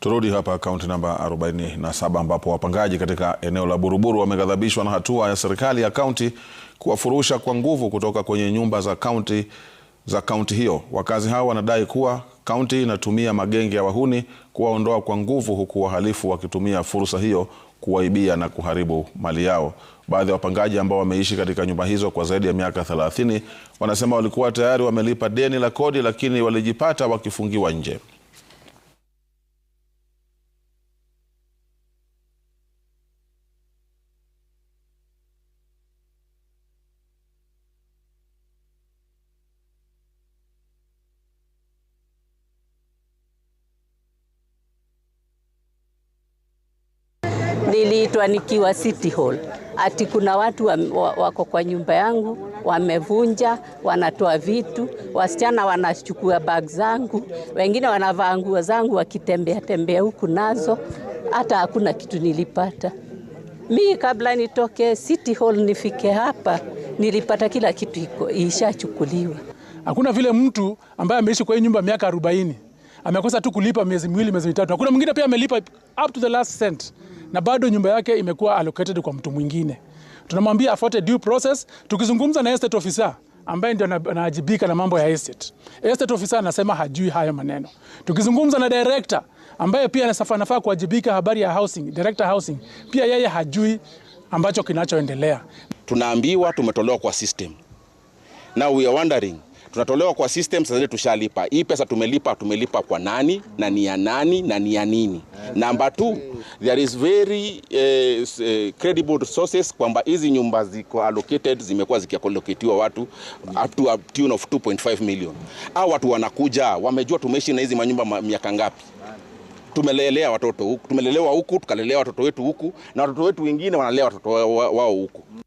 Turudi hapa kaunti namba 47 ambapo wapangaji katika eneo la Buruburu wameghadhabishwa na hatua ya serikali ya kaunti kuwafurusha kwa nguvu kutoka kwenye nyumba za kaunti za kaunti hiyo. Wakazi hao wanadai kuwa kaunti inatumia magenge ya wahuni kuwaondoa kwa nguvu huku wahalifu wakitumia fursa hiyo kuwaibia na kuharibu mali yao. Baadhi ya wapangaji ambao wameishi katika nyumba hizo kwa zaidi ya miaka 30 wanasema walikuwa tayari wamelipa deni la kodi lakini walijipata wakifungiwa nje. niliitwa nikiwa City Hall ati kuna watu wako wa kwa nyumba yangu wamevunja, wanatoa vitu, wasichana wanachukua bag zangu, wengine wanavaa nguo zangu wakitembea tembea huku nazo, hata hakuna kitu nilipata. Mi kabla nitoke City Hall nifike hapa, nilipata kila kitu iko ishachukuliwa. Hakuna vile mtu ambaye ameishi kwa hii nyumba miaka arobaini amekosa tu kulipa miezi miwili, miezi mitatu, na kuna mwingine pia amelipa up to the last cent na bado nyumba yake imekuwa allocated kwa mtu mwingine. Tunamwambia afuate due process. Tukizungumza na estate officer ambaye ndio anaajibika na mambo ya estate. Estate officer anasema hajui hayo maneno. Tukizungumza na director ambaye pia anasafaa nafaa kuwajibika habari ya housing, director housing, pia yeye hajui ambacho kinachoendelea. Tunaambiwa tumetolewa kwa system. Now we are wondering tunatolewa kwa system. Sasa tushalipa hii pesa, tumelipa tumelipa kwa nani na ni ya nani na ni ya nini? namba two, there is very uh, uh, credible sources kwamba hizi nyumba ziko allocated zimekuwa zikialoketiwa watu up to a tune of 2.5 million. au watu wanakuja wamejua tumeishi na hizi manyumba miaka ngapi tumelelea watoto huku, tumelelewa huku, tukalelea watoto wetu huku, na watoto wetu wengine wanalea watoto wao huku.